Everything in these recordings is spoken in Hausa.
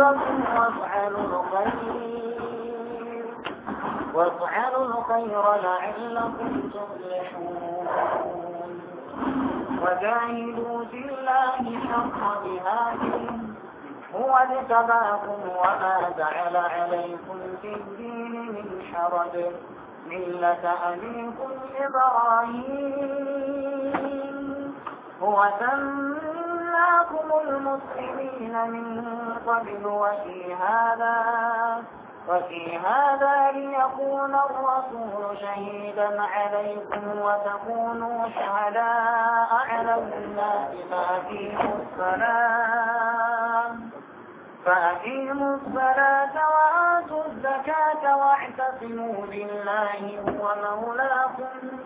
ربكم وافعلوا الخير لعلكم تفلحون وجاهدوا في الله حق جهاده هو اجتباكم وما جعل عليكم في الدين من حرج ملة أبيكم إبراهيم هو سمى جعلناكم المسلمين من قبل وفي هذا وفي هذا ليكون الرسول شهيدا عليكم وتكونوا شهداء على الناس فأقيموا الصلاة فأقيموا الصلاة وآتوا الزكاة واعتصموا بالله هو مولاكم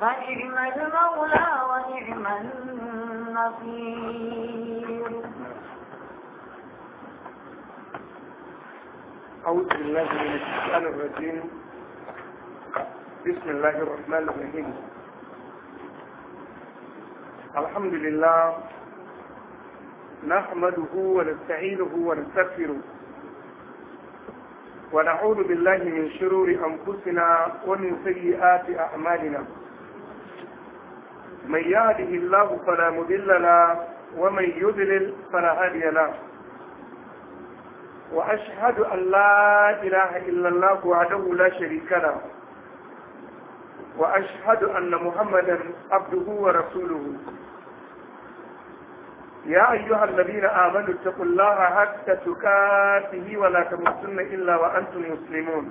فنعم المولى ونعم النصير نصير أعوذ بالله من الشيطان الرجيم بسم الله الرحمن الرحيم الحمد لله نحمده ونستعينه ونستغفره ونعوذ بالله من شرور أنفسنا ومن سيئات أعمالنا من يهده الله فلا مضل له ومن يضلل فلا هادي له وأشهد أن لا إله إلا الله وحده لا شريك له وأشهد أن محمدا عبده ورسوله يا أيها الذين آمنوا اتقوا الله حتى تكاته ولا تموتن إلا وأنتم مسلمون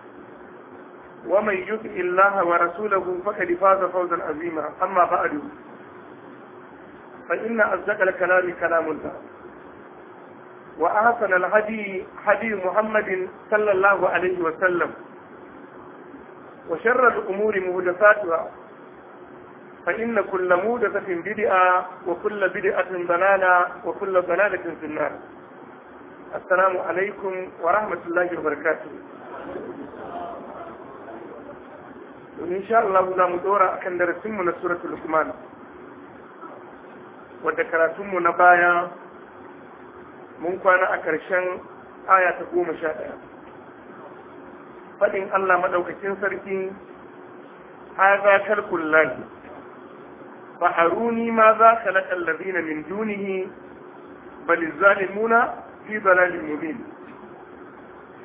ومن يطع الله ورسوله فقد فاز فوزا عظيما أما بعد فإن أصدق الكلام كلام الله وأحسن الهدي هدي محمد صلى الله عليه وسلم وشر الأمور مهدفاتها فإن كل مودثة بدعة وكل بدعة ضلالة وكل ضلالة في النار السلام عليكم ورحمة الله وبركاته domin insha Allah za mu dora akan darasinmu na suratul Luqman wadda karatunmu na baya mun kwana a ƙarshen aya ta goma sha ɗaya faɗin Allah maɗaukakin sarki haza tarkun lahi Ba haruni ma za ka laƙa min dunihi bal zalimuna fi dalalin mubin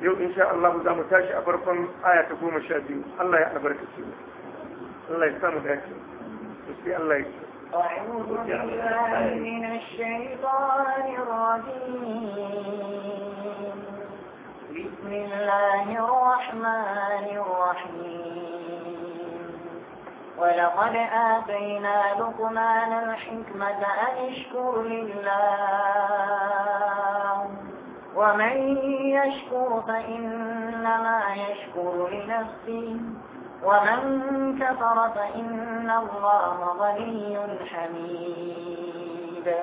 yau insha Allah za mu tashi a farkon aya ta goma sha biyu Allah ya albarkace mu Allah ya samu dace sai Allah ya أعوذ بالله من الشيطان الرجيم بسم الله الرحمن الرحيم ولقد آتينا لقمان الحكمة أن اشكر لله ومن يشكر فإنما يشكر لنفسه ومن كفر فإن الله غني حميد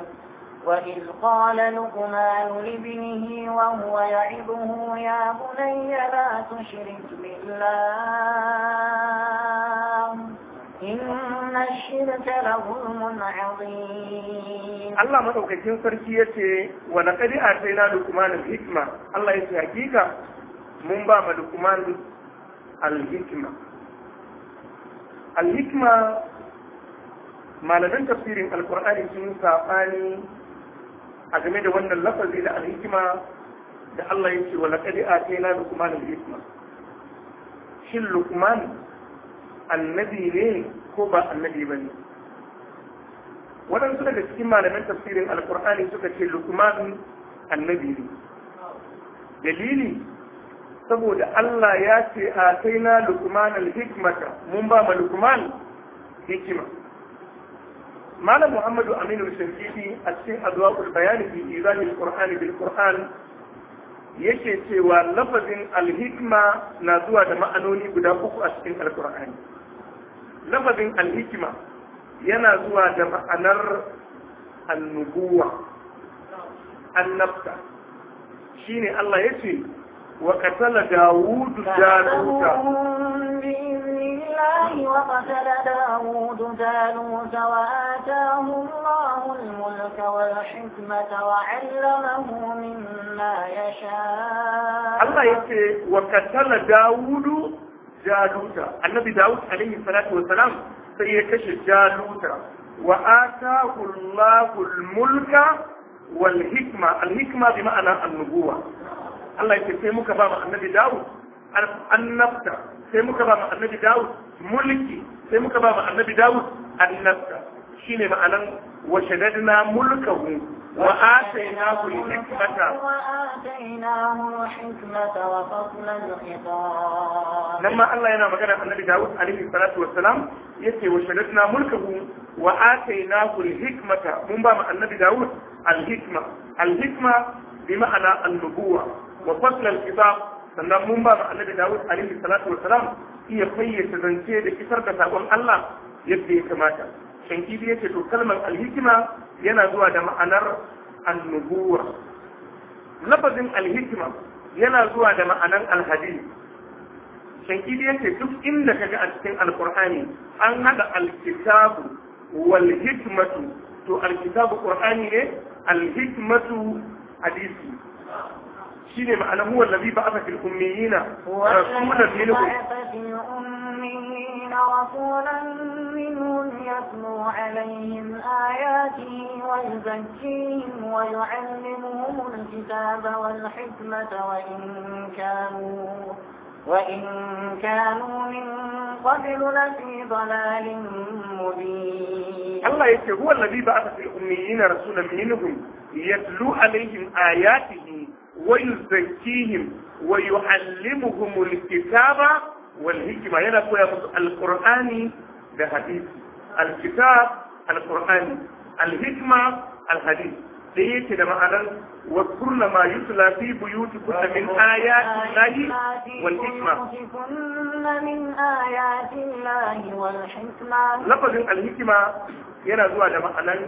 وإذ قال لقمان لابنه وهو يعظه يا بني لا تشرك بالله إن الشرك لظلم عظيم الله ما دوكا كين سركي ولقد آتينا لقمان الحكمة الله يتي حقيقة من باب لقمان الحكمة الحكمة malamin tafsirin alkur'ani sun saɓani a game da wannan lafazi da alhikima da Allah ya ce wa laqad atayna luqman hikima. shin luqman annabi ne ko ba annabi ba ne waɗansu daga cikin malamin tafsirin alkur'ani suka ce lukman annabi ne dalili saboda Allah ya ce a kai na lukman alhikmata mun ba ma lukman hikima malam muhammadu aminu shirkiti a cikin adwaul bayani fi izahil qur'ani bil qur'an yake cewa lafazin alhikma na zuwa da ma'anoni guda uku a cikin alkur'ani lafazin alhikima yana zuwa da ma'anar annubuwa annabta ne Allah ya ce wa qatala dawudu jaluta وآتاه الله الملك والحكمة وعلمه مما يشاء jaluta annabi dawud alaihi salatu wassalam sai ya kashe jaluta wa atahu allahu almulka wal bi ma'ana annubuwa Allah yake sai muka ba mu annabi dawud annabta sai muka ba annabi mulki sai muka ba mu annabi shine ma'anan wa shaddadna mulkahu wa atainahu al-hikmata wa atainahu hikmata wa fadla al-khitab lamma Allah yana magana annabi Dawud alaihi salatu wa salam yace wa shaddadna mulkahu wa atainahu al-hikmata mun ba ma annabi Dawud al-hikma al-hikma bi ma'ana an-nubuwa wa fadla al-khitab sannan mun ba ma annabi Dawud alaihi salatu wa iya fayyace zance da kisar da sakon Allah yadda ya kamata shankidi ya ce to kalmar alhikima yana zuwa da ma'anar annubuwa lafazin alhikima yana zuwa da ma'anar alhadi shankidi ya ce duk inda ka ga a cikin alkur'ani an haɗa alkitabu wal hikmatu to alkitabu qur'ani ne alhikmatu hadisi shine ma'anar huwa allazi ba'atha fil ummiyina rasulan minhum الأميين رسولا منهم يتلو عليهم آياته ويزكيهم ويعلمهم الكتاب والحكمة وإن كانوا وإن كانوا من قبل لفي ضلال مبين الله يتي هو الذي بعث في الأميين رسولا منهم يتلو عليهم آياته ويزكيهم ويعلمهم الكتاب wal yana koya musu alqur'ani da hadisi alkitab alqur'ani alhikma alhadith da yake da ma'anar wa kurla ma yutla fi buyuti kunna min ayati llahi wal hikma min ayati llahi yana zuwa da ma'anar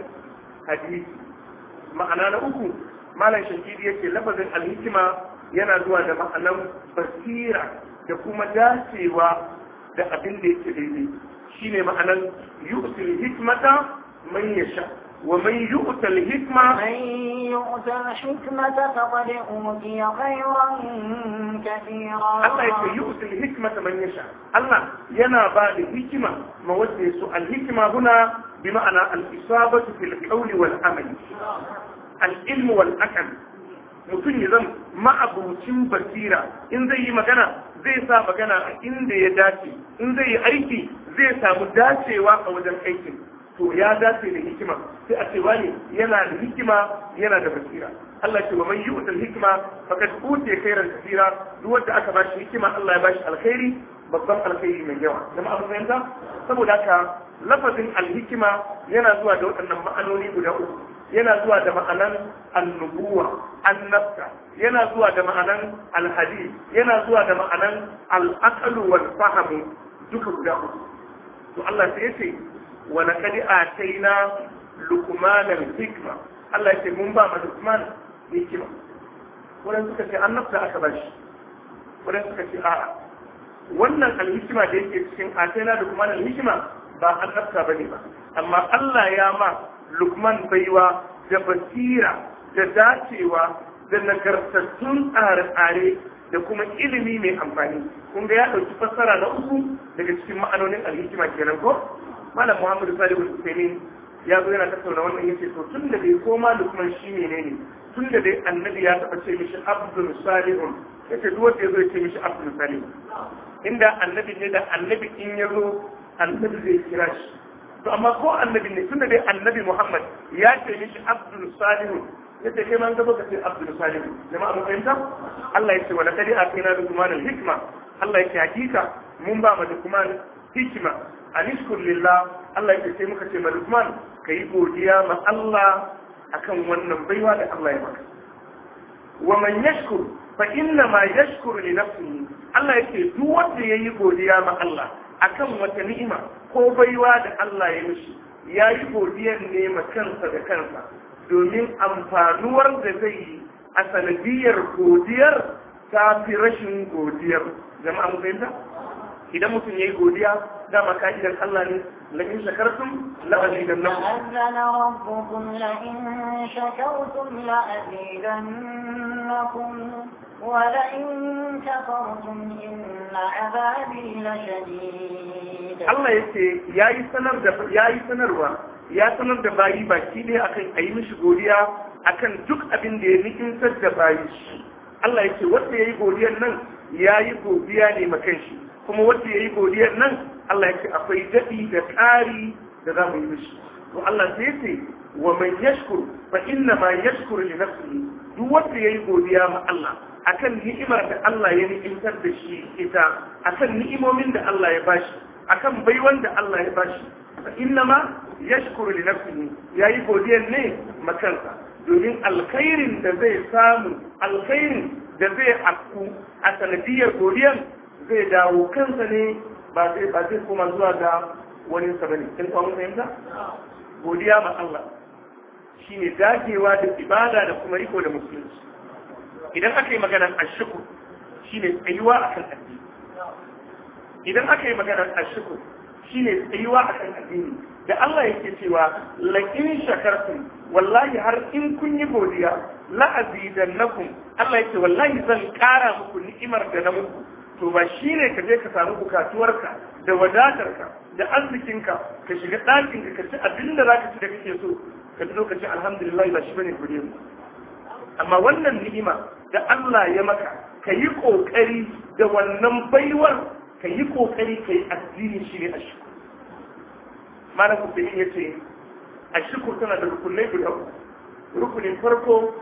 ma'ana na uku malam shakiri yake lafazin alhikima yana zuwa da ma'anar basira da kuma dacewa da abin da yake daidai shine ma'anan yi'utul hikmata man ya sha. wa man yu'tal hikma man yu'tal hikmata faqad utiya khayran katira Allah yake yu'til hikmata man yasha Allah yana ba da hikima ma wanda yaso al hikma huna bi ma'ana al isabatu fil qawli wal amali al ilmu wal aql mutum ya zan ma'abucin basira in zai yi magana zai sa magana a inda ya dace in zai yi aiki zai samu dacewa a wajen aikin to ya dace da hikima sai a ce wani yana da hikima yana da basira Allah ce wa man yu'ta hikima faqad utiya khairan kaseera duk wanda aka ba shi hikima Allah ya ba shi alkhairi babban alkhairi mai yawa jama'a mun fahimta saboda haka lafazin alhikima yana zuwa da waɗannan ma'anoni guda uku yana zuwa da ma'anan annubuwa annabta yana zuwa da ma'anan alhadi yana zuwa da ma'anan al'aqlu wal fahamu duka guda uku to Allah sai yace wa laqad ataina luqman al hikma Allah yace mun ba ma luqman hikima wannan suka ce annabta aka bashi wannan suka ce a'a wannan alhikima da yake cikin ataina luqman al hikma ba annabta bane ba amma Allah ya ma lukman baiwa da basira da dacewa da nagartattun tsare-tsare da kuma ilimi mai amfani kun ga ya ɗauki fassara na uku daga cikin ma'anonin alhikima kenan ko malam muhammadu salihu sani ya zo yana tattauna wannan yace to tun da bai koma lukman shi ne ne tun da dai annabi ya taɓa ce mishi abdul salihun yace duk wanda ya zo ya ce mishi abdul salihun inda annabi ne da annabi in ya zo annabi zai kira shi to amma ko annabi ne tunda dai annabi Muhammad ya ce mishi Abdul Salihu ya ce kai ma ka zo ka ce Abdul Salihu jama'a mun fahimta Allah ya ce wa laqad atina luqman al-hikma Allah ya ce hakika mun ba ma luqman hikma anishkur lillah Allah ya ce sai muka ce ma kai godiya ma Allah akan wannan baiwa da Allah ya maka wa man yashkur fa inna ma yashkuru li nafsihi Allah yake duk wanda yayi godiya ma Allah akan wata ni'ima ko baiwa da Allah ya mishi yayi godiyar ne ma kansa da kansa domin amfanuwar da zai yi a sanadiyar godiyar ta fi rashin godiyar jama'a mu fahimta idan mutum yayi godiya dama idan Allah ne لئن شكرتم لأزيدنكم أذن ربكم لئن شكرتم Allah ya ce ya yi sanarwa ya sanar da bayi baki ne akan a yi mishi godiya akan duk abin da ya nikinsar da bayi shi Allah ce wata ya yi godiyar nan ya yi godiya ne makan shi kuma wata ya yi godiyar nan Allah ya ce akwai daɗi da ƙari da za mu yi mishi to Allah sai ce wa man yashkur fa inna ma yashkuru li nafsihi duk wanda ya yi godiya ma Allah akan ni'imar da Allah ya ni'imtar da shi ita akan ni'imomin da Allah ya bashi akan baiwan da Allah ya bashi fa innama yashkuru li nafsihi yayi godiyar ne makansa domin alkhairin da zai samu alkhairin da zai akku a sanadiyar godiyar zai dawo kansa ne ba zai ba zai koma zuwa ga wani sa bane kin kwamu fahimta godiya ma Allah shine dagewa da ibada da kuma riko da musulunci idan aka yi maganar ashukur shine tsayuwa akan addini idan aka yi maganar shine tsayuwa akan addini da Allah yake cewa la in shakartum wallahi har in kun yi godiya la azidannakum Allah yake wallahi zan kara muku ni'imar da na muku to ba shine ka je ka samu bukatuwarka da wadatarka da arzikinka ka shiga ɗakinka ka ci abin da zaka ci da kake so ka zo ka ci alhamdulillah ba shi bane godiya amma wannan ni'ima da Allah ya maka ka yi ƙoƙari da wannan baiwar ka yi ƙoƙari ka yi addini shi ne a shukur malam kusurin ya ce a tana da rukunai guda rukunin farko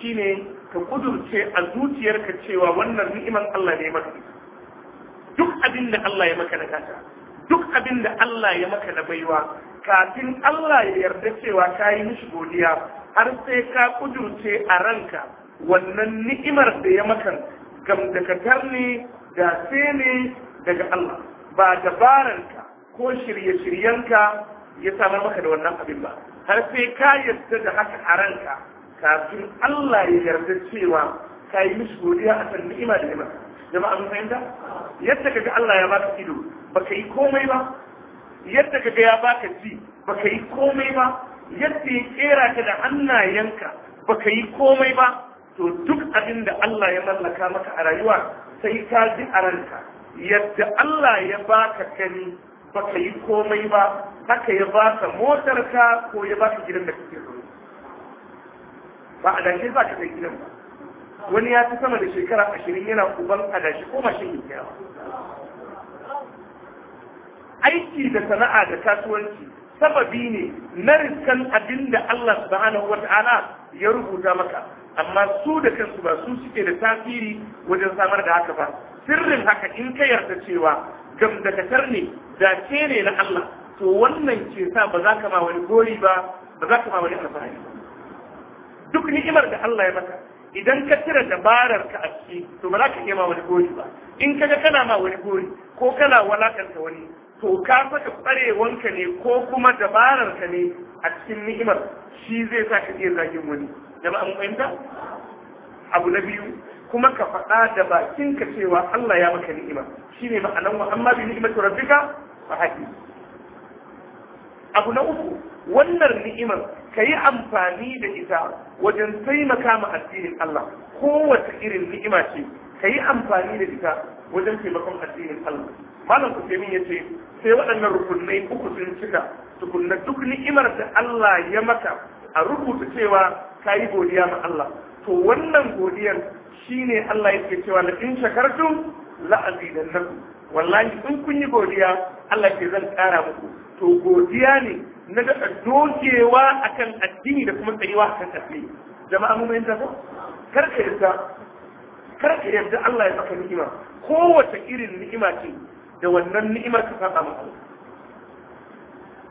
shi ne ka kudurce a zuciyarka cewa wannan ni'iman Allah ne maka duk abin da Allah ya maka na gata duk abin da Allah ya maka na baiwa kafin Allah ya yarda cewa ka yi mishi godiya har sai ka kudurce a ranka wannan ni'imar da ya makan ka tarni, da ne daga Allah ba ka, ko shirye-shiryenka ya samar maka da wannan abin ba har sai ka yarda da haka a ranka kafin Allah ya yarda cewa ka yi mishi godiya a kan ni'ima da ni'ima jama'a mun fahimta yadda kaga Allah ya baka ido baka yi komai ba yadda kaga ya baka ji baka yi komai ba yadda ya kera ka da hannayenka baka yi komai ba to duk abin da Allah ya mallaka maka a rayuwa sai ka ji a ranka yadda Allah ya baka kani baka yi komai ba haka ya baka motar ka ko ya baka gidan da kake zuwa ba a dace ba ka kai gidan ba wani ya fi sama da shekara ashirin yana uban adashi ko mashin yawa aiki da sana'a da kasuwanci sababi ne na riskan abin da Allah subhanahu ta'ala ya rubuta maka amma su da kansu ba su suke da tasiri wajen samar da haka ba sirrin haka in ka yarda cewa gamdakatar ne dace ne na Allah to wannan ke sa ba za ka ma wani gori ba ba za ka ma wani alfahari duk ni'imar da Allah ya maka idan ka cire dabarar ka a ciki to ba za ka ma wani gori ba in ka ga kana ma wani gori ko kana walakanta wani to ka saka tsarewanka ne ko kuma dabararka ne a cikin ni'imar shi zai sa ka iya zagin wani jama'a mun fahimta abu na biyu kuma ka faɗa da bakinka cewa Allah ya maka ni'ima shine ma'anan wa amma bi ni'imatu rabbika fa haqi abu na uku wannan ni'imar ka yi amfani da ita wajen taimaka ma addinin Allah kowace irin ni'ima ce ka yi amfani da ita wajen taimakon addinin Allah malam ya yace sai waɗannan rukunai uku sun cika tukunna duk ni'imar da Allah ya maka a rubuta cewa kayi godiya ma Allah to wannan godiyar shine Allah yake cewa la in shakartu la azidannakum wallahi in kun yi godiya Allah ke zan kara muku to godiya ne na daɗa dokewa akan addini da kuma tsayuwa akan addini jama'a mun fahimta ko kar ka yarda kar ka yarda Allah ya saka ni'ima kowace irin ni'ima ce da wannan ni'imar ka saba maka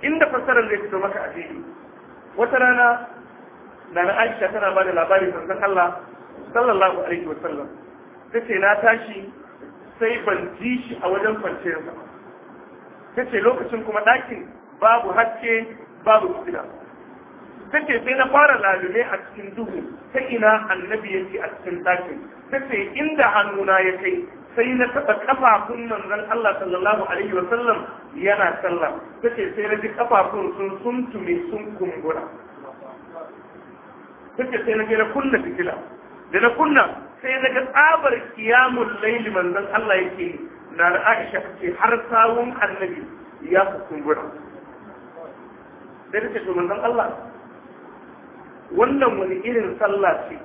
inda fasarar zai fito maka a fili wata rana na Aisha tana ba da labarin sannan Allah sallallahu alaihi wa sallam tace na tashi sai ban ji shi a wajen ta tace lokacin kuma ɗakin babu haske babu fitila ta ce sai na fara lalume a cikin duhu ta ina annabi yake a cikin ɗakin ta ce inda hannuna ya kai sai na taɓa kafafun manzon Allah sallallahu alaihi wa sallam yana sallah ta ce sai na ji kafafun sun suntume sun kumbura ta ce sai na ga na kunna fitila da na kunna sai na ga tsabar kiyamun laili manzon Allah yake na da Aisha ce har sawun annabi ya kumbura. Sai ta ce to manzon Allah wannan wani irin sallah ce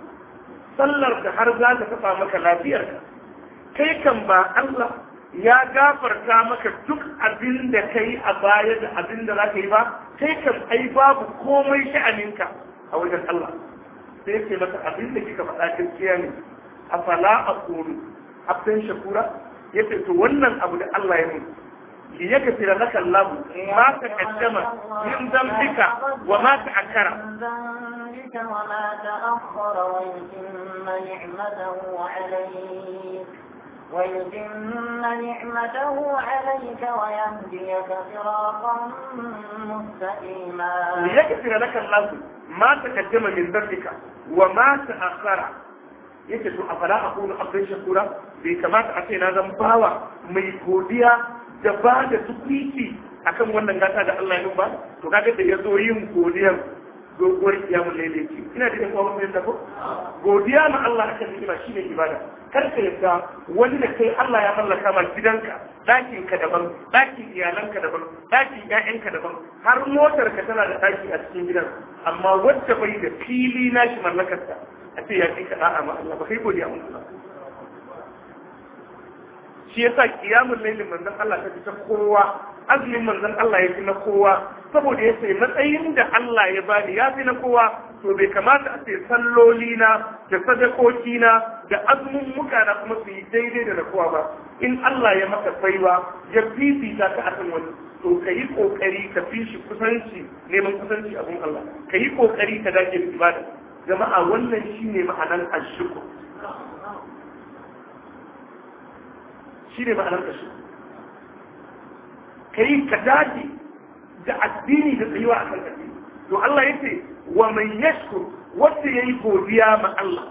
sallar ka har za ta kafa maka lafiyar ka kai kan ba Allah ya gafarta maka duk abin da kai a baya da abin da za ka yi ba kai kan ai babu komai sha'aninka a wajen Allah sai ce maka abin da kika faɗa gaskiya ne a fala a kuru abin shakura ya ce to wannan abu da Allah ya mun ki yaka gafira laka Allah ma ta kaddama min zambika wa ma ta akara منك وما تأخر ويتم نعمته عليك ويتم نعمته عليك ويهديك صراطا مستقيما ليغفر لك الله ما تقدم من ذنبك وما تأخر yake to a fara aku na abin shakura bai kamata a ce na zan bawa mai godiya da ba da tukwiti akan wannan gata da Allah ya ba to kaga da ya zo yin godiyar doguwar kiyamun laili ina da yan wani mai ko godiya ma Allah akan shi ne ibada kar yadda wani da kai Allah ya mallaka ma gidanka ɗakin ka daban ɗakin iyalanka daban ɗakin ƴaƴanka daban har motar ka tana da ɗaki a cikin gidan amma wadda bai da fili na shi mallakarta a ce ya ce ka da'a ma Allah ba kai godiya mun Allah shi sa kiyamun lailin manzan Allah ta fita kowa azumin manzan Allah ya fi na kowa saboda ya sai matsayin da Allah ya bani ya fi na kowa to bai kamata a ce salloli na da sadakoki na da azumin muka na kuma su yi daidai da na kowa ba in Allah ya maka baiwa ya fifita ka akan wani to ka yi kokari ka fi shi kusanci neman kusanci abun Allah ka yi kokari ka dace ibada jama'a wannan shine ma'anar ashukur shi ne ma'anar da ka yi ka dace da addini da tsayuwa a kan addini to Allah ya ce wa mai yashkur wanda ya yi godiya ma Allah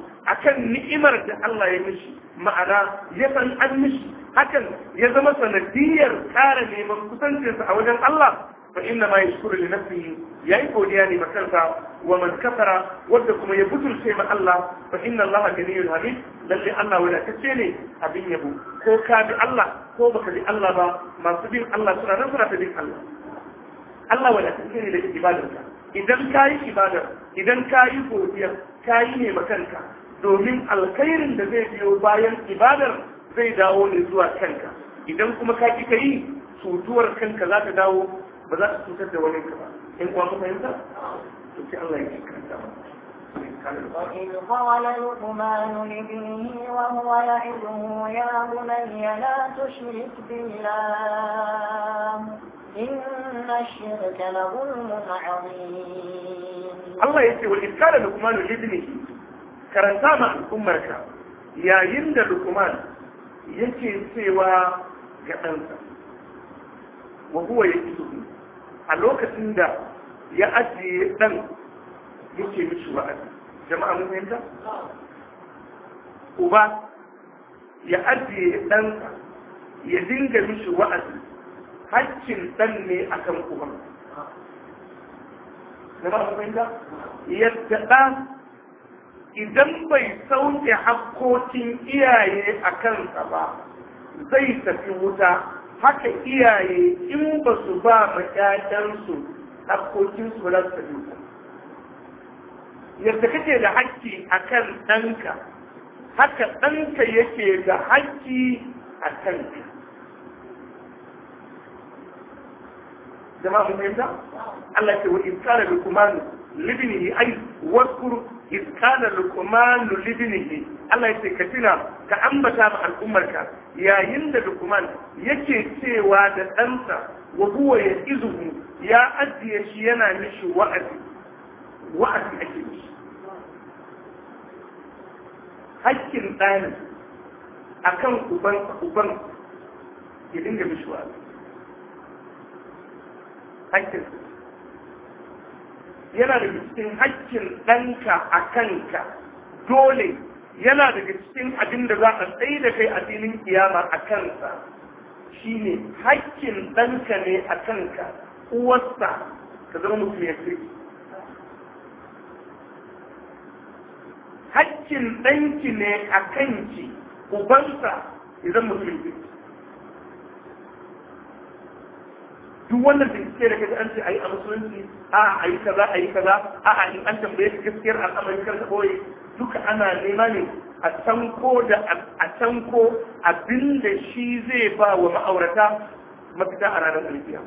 kan ni'imar da Allah ya mishi ma'ana ya san an mishi hakan ya zama sanadiyar ƙara neman kusancinsa a wajen Allah fa inna ma yashkuru li nafsihi yayi godiya ne makansa wa man kafara wanda kuma ya butulce ma Allah fa inna Allah ganiyun hamid lalle Allah wadatacce ne abin yabo ko ka Allah ko baka bi Allah ba masu bin Allah suna nan ta bin Allah Allah wadatacce ne da ibadarka idan ka yi ibadar idan ka yi godiya ka yi ne kanka domin alkhairin da zai biyo bayan ibadar zai dawo ne zuwa kanka idan kuma ka ki ka yi cutuwar kanka za ta dawo ba za ka cutar da wani ka ba in ka fahimta to sai Allah ya ci kanta وإذ قال لقمان لابنه وهو يعظه يا بني لا تشرك بالله إن الشرك لظلم عظيم الله يقول قال لقمان لابنه karanta ma al'ummarka yayin da lukman yake cewa ga ɗansa wa ya a lokacin da ya ajiye ɗan yake mishi wa'azi jama'a mun yanta? uba ya ajiye ɗansa ya dinga mishi wa'azi haccin ɗan ne akan uban yadda idan bai sauke hakkokin iyaye a kansa ba zai tafi wuta haka iyaye in ba su ba ma ƴaƴansu haƙoƙinsu ba za su tafi ba yadda kake da haƙƙi a kan ɗanka haka ɗanka yake da haƙƙi a kan ka. jama'a mun yanda Allah ce wa in kana ni kumanu libnihi ay wadkur iskana lukumanu libinihi Allah ya ce ka tuna ka ambata ma al'ummarka yayin da lukuman yake cewa da ɗansa wa huwa ya izuhu ya ajiye shi yana mishi wa'azi wa'azi ake mishi hakkin ɗani akan uban uban ya dinga mishi wa'azi hakkin yana daga cikin hakkin ɗanka a kanka dole yana daga cikin abin da za a tsaye da kai a filin kiyama a kansa shine hakkin ɗanka ne a kanka uwarsa ka zama mutum ya kirki hakkin ɗanki ne a kanki ubansa ya zama mutum ya duk wannan bincike da kaji an ce ayi a musulunci a ayi kaza ayi kaza a a in an tambaye ka gaskiyar al'amari kar ka boye duka ana nema ne a tanko da a tanko abinda shi zai ba wa ma'aurata mafita a ranar alkiya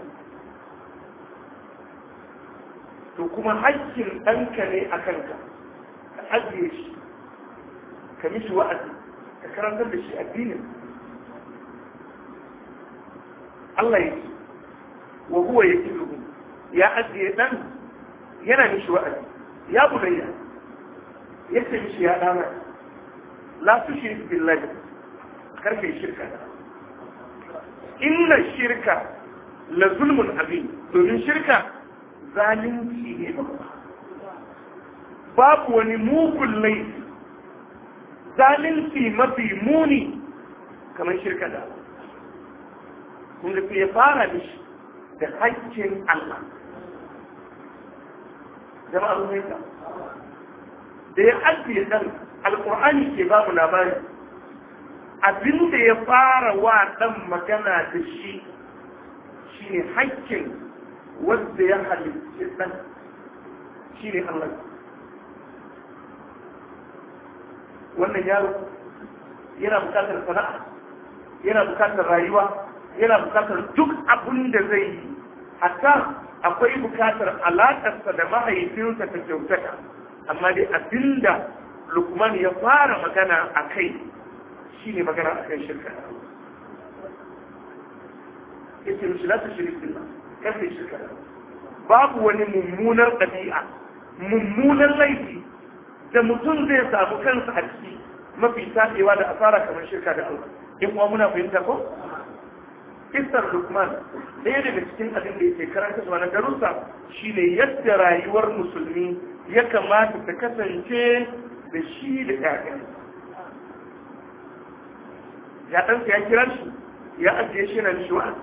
to kuma haƙƙin ɗanka ne a kanka ka ajiye shi ka mishi wa'azi ka karantar da shi addinin Allah ya ce wa huwa yakiluhu ya ajiye dan yana mishi wa'azi ya bunayya yace mishi ya dana la tushrik billahi karfe shirka inna shirka la zulmun abin domin shirka zalunci ne babba babu wani mukun laifi zalunci mafi muni kamar shirka da kun ga ya fara mishi da haƙƙin Allah jama'a mun fahimta da ya ajiye ɗan alqur'ani ke mu labari abin da ya fara wa ɗan magana da shi shi ne haƙƙin wanda ya halitta shi ne Allah wannan yaro yana bukatar sana'a yana bukatar rayuwa yana bukatar duk abin da zai yi hatta akwai bukatar alaƙarsa da mahaifinsa ta kyautata amma dai abinda lukman ya fara magana a kai shi ne magana a kan shirka yake mishi la ta shirka kafin shirka babu wani mummunar ɗabi'a mummunar laifi da mutum zai samu kansa a ciki mafi tasewa da asara kamar shirka da Allah in kuma muna fahimta ko kisar lukman ɗaya daga cikin abin da yake karanta su na shi ne yadda rayuwar musulmi ya kamata ta kasance da shi da ƴaƴan ya ɗansa ya kira shi ya ajiye shi na shiwa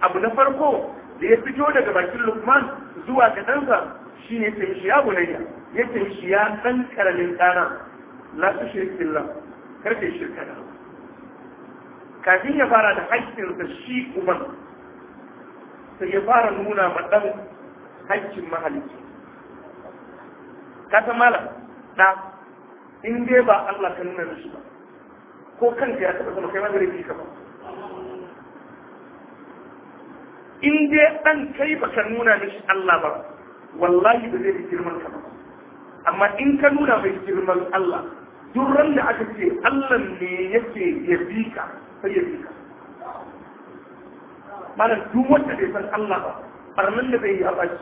abu na farko da ya fito daga bakin lukman zuwa ga ɗansa shi ne ta mishi ya bunayya ya ta mishi ɗan ƙaramin ɗana la su shirkin la karfe shirkana kafin ya fara da haƙƙinsa shi uban sai ya fara nuna maɗan ɗan haƙƙin mahalicci ka ta malam ɗa in dai ba Allah ka nuna da shi ba ko kanka ya taɓa sama kai ma zai ka ba in dai ɗan kai ba ka nuna mishi Allah ba wallahi ba zai fi girman ka ba amma in ka nuna mai girman Allah duk ran da aka ce Allah ne yake ya bi ka sai ya fika duk wanda bai san Allah ba barnan da bai yi shi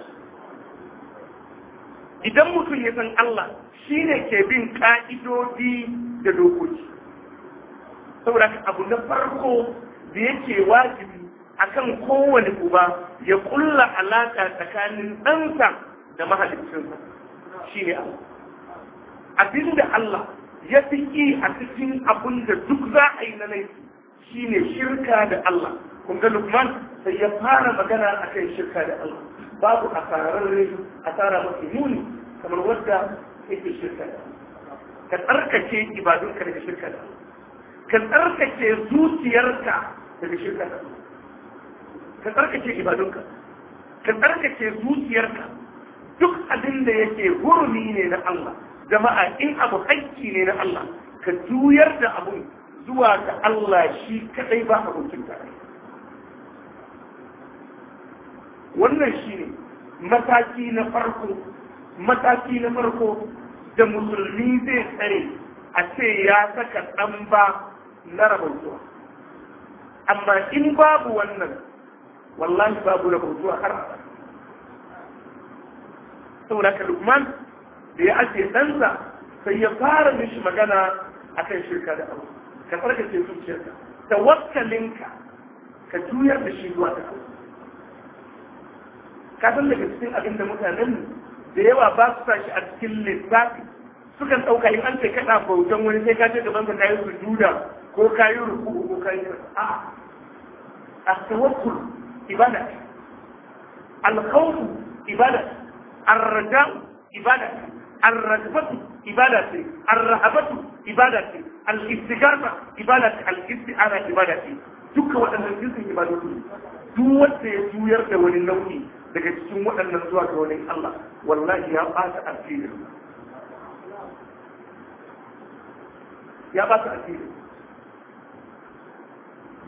idan mutum ya san Allah shi ne ke bin ƙa'idodi da dokoki saboda abu na farko da yake wajibi akan kowane uba ya kulla alaka tsakanin ɗansa da mahaliccinsa shi ne Allah abinda Allah ya fi ƙi a cikin abin da duk za a yi na laifi Shi ne shirka da Allah kun ga Luqman sai ya fara magana a kan shirka da Allah babu asararre asara mafi muni kamar wadda yake shirka da Allah. ka tsarkake ibadunka daga shirka da Allah. ka tsarkake zuciyarka daga shirka da Allah. ka tsarkake ibadunka ka tsarkake zuciyarka duk abin da yake hurumi ne na Allah jama'a in abu hakki ne na Allah ka juyar da abun zuwa ga Allah shi kadai ba abokin tare wannan shi ne mataki na farko mataki na farko da musulmi zai tsare a ce ya saka ɗan ba na zuwa. amma in babu wannan wallahi babu zuwa har saboda ka lukman da ya ajiye ɗansa sai ya fara mishi magana akan shirka da Allah. ka ce zuciyarka tawakkalinka ka juyar da shi zuwa kai ka san daga cikin abin da mutanen da yawa ba su sa shi a cikin lissafi sukan ɗauka in an ce kaɗa bautan wani sai ka ce gaban ka kayi juda ko kayi ruku ko kayi a a tawakkul ibada al ibada ar ibada ar ibada ce arrahabatu ibada ce al-istighatha ibada ce al-isti'ana ibada ce duka waɗannan jinsin ibadatu duk wanda ya juyar da wani nau'i daga cikin waɗannan zuwa ga wani Allah wallahi ya ɓata asiri ya ɓata asiri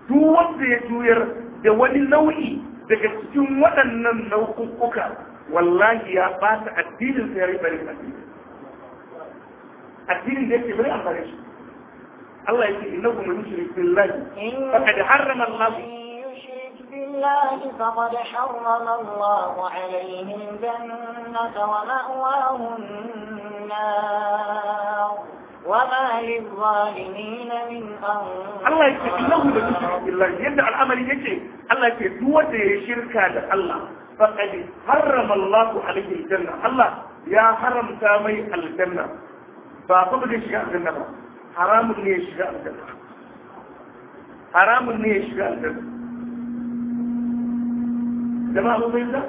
duk wanda ya juyar da wani nau'i daga cikin waɗannan nau'ukuka wallahi ya ɓata addinin sa ya riɓa addinin addinin da yake bari amfani shi الله يقول إنه من يشرك بالله فقد حرم الله فقد حرم الله عليه الجنة ومأواه النار وما للظالمين من أنصار الله يقول الله من يشرك بالله يدعو العمل يجي الله يقول دوة شركة الله فقد حرم الله عليه الجنة الله يا حرم سامي الجنة فقد شيء الجنة haramun ne ya shiga aljanna haramun ne ya shiga aljanna jama'a mun fahimta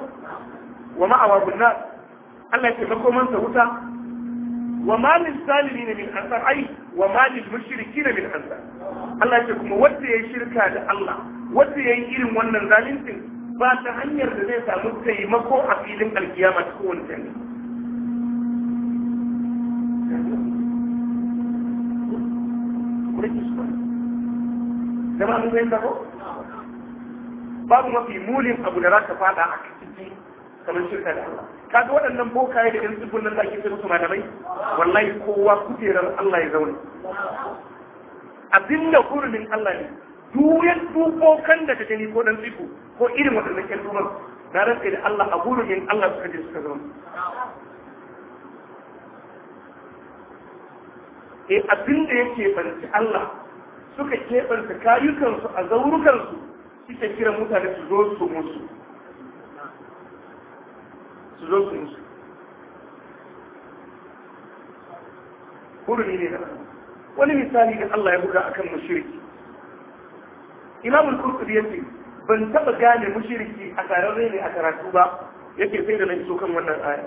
wa ma'awa bunna Allah ya taimako man sa wuta wa ma lil salimin min ansar ai wa ma lil mushrikin min ansar Allah ya ce kuma wanda ya shirka da Allah wanda ya yi irin wannan zalincin ba ta hanyar da zai samu taimako a filin alkiyama ta kowane jami'a take su ba zama mun fahimta ko babu mafi mulin abu da za ka fada a ciki kamar shirka da Allah kaga waɗannan bokaye da yan tsibin nan da ake musu malamai wallahi kowa kujerar Allah ya zaune abinda min Allah ne ko kan da ta gani ko dan tsibu ko irin waɗannan ƴan duban na rantsa da Allah a min Allah suka je suka zaune e abin da ya keɓanci Allah suka keɓanta kayukansu a zaurukansu suke kira mutane su zo su musu su zo su musu hurumi ne da wani misali da Allah ya buga akan mushriki imamul qurtubi ce ban taba gane mushriki a kararre ne a karatu ba yake sai da na iso kan wannan aya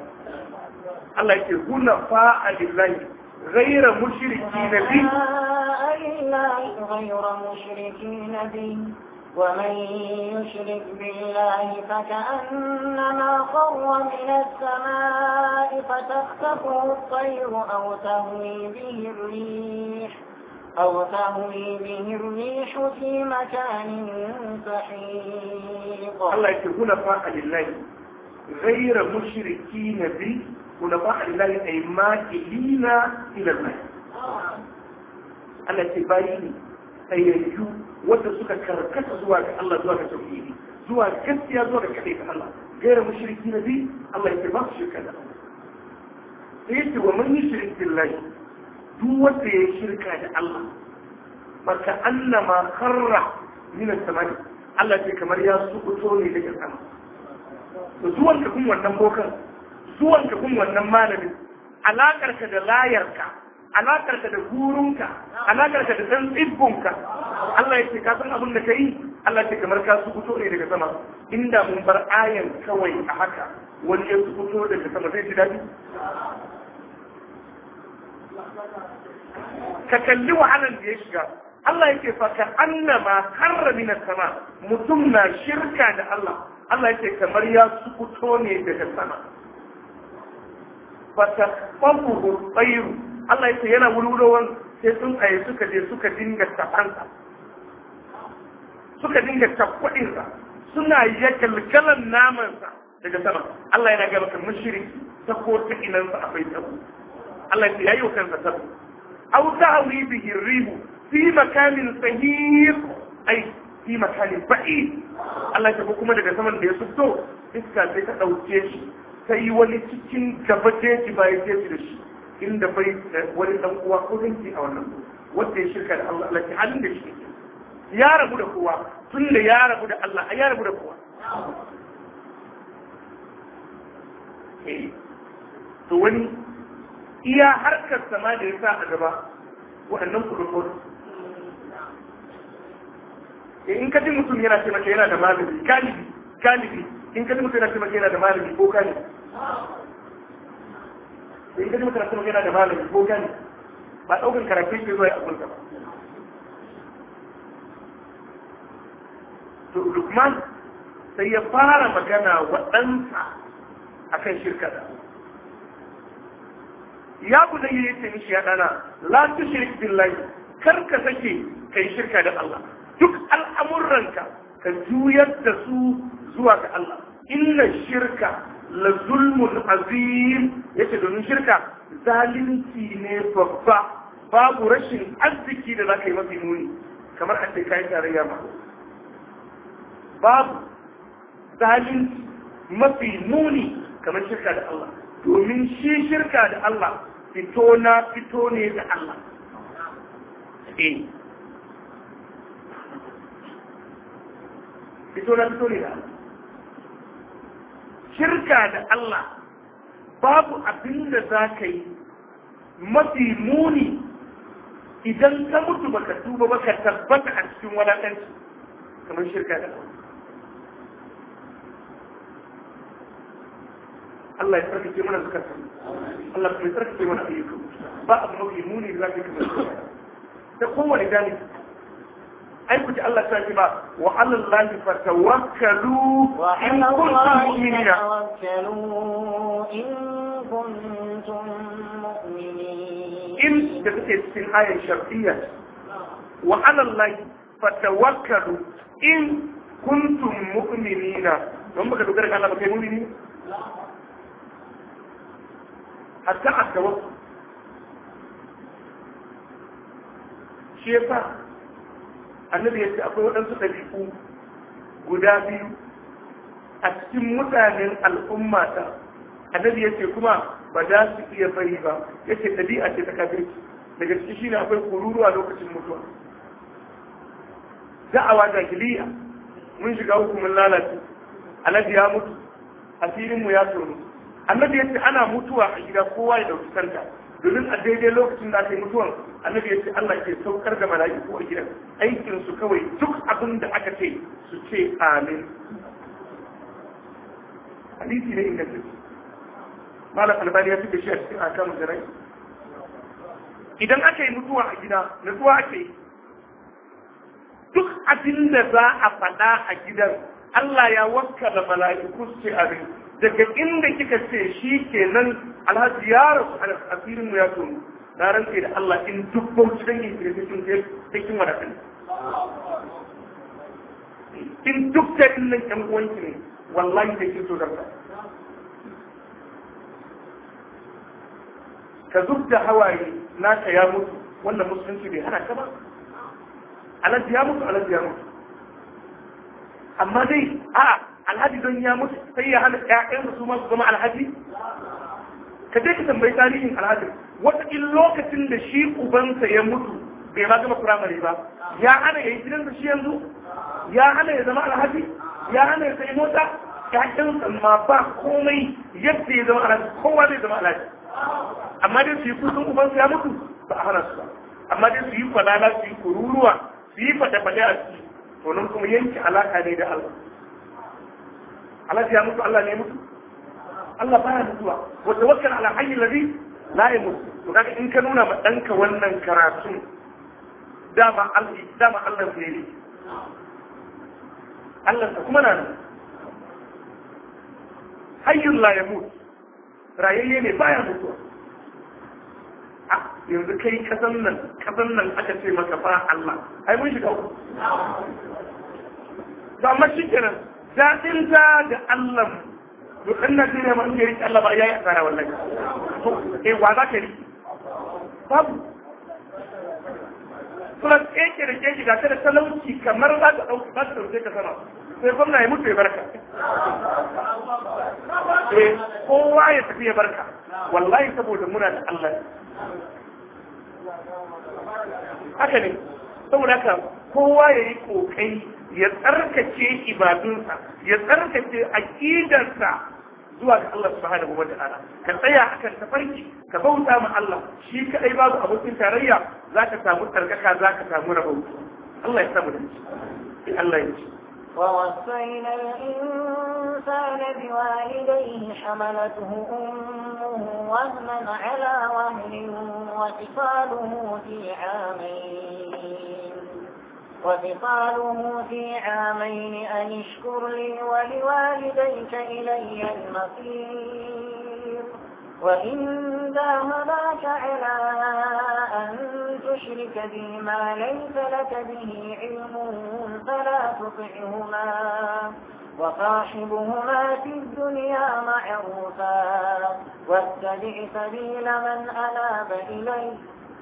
Allah yake hunna fa'a lillahi غير مشركين به غير ومن يشرك بالله فكأنما خر من السماء فتخطفه الطير أو تهوي به الريح أو تهوي به الريح في مكان سحيق الله يكون فاق لله غير مشركين به khulafa lillahi ay ma'ilina ila al-hayy Allah ce bayi ne tsayayyu Wadda suka karkata zuwa ga Allah zuwa ga tauhidi zuwa gaskiya zuwa ga kadai ga Allah gairar mushriki na bi Allah ya ba su shirka da sai yace wa man yushrik billahi duk wanda ya shirka da Allah maka annama kharra min as-samai Allah ce kamar ya sukuto ne daga sama to duk wanda kun wannan bokan zuwan ka kun wannan malamin alakar ka da layarka alakar ka da gurunka alakar ka da dan tsibbunka Allah ya ce ka san abin da kai Allah ya ce kamar ka su fito ne daga sama inda mun bar ayan kawai a haka wani ya su fito daga sama zai ji daɗi ka kalli wa wahalar da ya shiga Allah yake faka annama karra min sama mutum na shirka da Allah Allah yake kamar ya sukuto ne daga sama fata fafuhu tsayiru Allah ya yana wulwulowar sai aye suka je suka dinga tafansa suka dinga tafkwaɗinsa suna kalkalan namansa daga sama Allah yana gaba kan mashirin ta ko ta inansa akwai tabo Allah ya yi kansa tabo aw ta'wi bihi rihu fi makamin sahir ai fi makamin ba'id Allah ya kuma daga saman da ya fito iska sai ta dauke shi sai wani cikin gaba jeji ba ya jeji da shi inda bai wani dan uwa ko danki a wannan wanda ya shirka da Allah Allah ki halin da shi ya rabu da kowa tun da ya rabu da Allah ya rabu da kowa eh, to wani iya harkar sama da ya sa a gaba waɗannan kudukur eh, in ka ji mutum yana taimaka yana da malami galibi galibi in ka ji mutum yana taimaka yana da malami ko galibi to in ka ji karatu yana da malami ko gani ba ɗaukar karatu ke zuwa a gurka ba to lukman sai ya fara magana waɗansa a kan shirka da ya guda yi yace mishi ya dana la tu shirk billahi kar ka sake yi shirka da Allah duk al'amuranka ka juyar da su zuwa ga Allah inna shirka la zulmun azim yake domin shirka zalunci ne babba babu rashin arziki da zaka yi mafi muni kamar an kayan kai tarayya ma babu zalunci mafi muni kamar shirka da Allah domin shi shirka da Allah fito na fito ne da Allah eh fito na fito ne da Allah shirka da Allah babu abin da za ka yi mafi muni idan ka mutu baka tuba ba ka tabbata a cikin wadatanci kamar shirka da Allah Allah ya tsarkake mana zukata Allah ya tsarkake mana ayyuka ba a mafi muni da za ka yi kamar shirka ta kowane gani ai ku Allah ta ce ba wa alallahi fatawakkalu in kuntum mu'minina in kuntum mu'minin in da take cikin ayar shar'iyya wa fatawakkalu in kuntum mu'minina annabi ya ce akwai waɗansu ɗabi'u guda biyu a cikin mutanen al'umma ta annabi ya ce kuma ba za su iya fari ba ya ce ɗabi'a ce ta kafirci daga ciki shine akwai a lokacin mutuwa da'awa jahiliya mun shiga hukumin lalace annabi ya mutu asirinmu ya tono annabi ya ce ana mutuwa a gida kowa ya ɗauki kanta domin a daidai lokacin da aka yi mutuwan annabi ya ce Allah ke saukar da mala'iku a gidan aikin su kawai duk abin da aka ce su ce amin hadisi ne inganta malam albani ya fi da shi a cikin akamun jarai idan aka yi mutuwa a gida mutuwa ake duk abin da za a faɗa a gidan Allah ya da mala'iku su abin daga inda kika ce shi kenan alhaji ya rasu asirin ya tunu na rantse da Allah in dubban bauchi dangin da cikin kai cikin wadatin in duk da nan ƴan uwanki ne wallahi da ke so da ka zub da hawaye ka ya mutu wannan musulunci bai hana ka ba alhaji ya mutu alhaji ya mutu amma dai a alhaji don ya mutu sai ya hana ƴaƴan su ma su zama alhaji ka dai ka tambayi tarihin alhaji wata in lokacin da shi ubansa ya mutu bai ma gama firamare ba ya hana ya yi gidan shi yanzu ya hana ya zama alhaji ya hana ya sai mota ƴaƴansa ma ba komai yadda ya zama alhaji kowa zai zama alhaji amma dai su yi kusan ubansa ya mutu ba a hana su ba amma dai su yi falala su yi kururuwa su yi fata-fata a ciki to nan kuma yanke alaka ne da Allah Allah ya mutu Allah ne mutu Allah baya mutuwa wa tawakkal ala hayy alladhi la yamut to kaga in ka nuna ma danka wannan karatu dama Allah dama Allah ne Allah ta kuma nan hayy la yamut rayayye ne baya mutuwa yanzu kai kasan nan kasan nan aka ce maka fa Allah ai mun shiga ba amma shi kenan daɗin ta da Allah to inna Najeriya ma mun ya Allah ba yayi yi asara wallahi to eh wa za ka yi. babu kuma keke da keke ga ta da talauci kamar za ka ɗauki ba ta ka sama sai gwamna ya mutu ya barka eh kowa ya tafi ya barka wallahi saboda muna da Allah haka ne saboda haka kowa ya yi kokai ya tsarkace ibadunsa ya tsarkace aqidarsa zuwa ga Allah subhanahu wa ta'ala ka tsaya akan tafarki ka bauta ma Allah shi kadai babu abokin tarayya zaka samu tsarkaka zaka samu rabo Allah ya samu da shi Allah ya ci ووصينا الإنسان بوالديه حملته أمه وهنا على وهن وفصاله في عامين وفصاله في عامين أن اشكر لي ولوالديك إلي المصير وإن داهناك على أن تشرك بي ما ليس لك به علم فلا تطعهما وصاحبهما في الدنيا معروفا واتبع سبيل من أناب إليه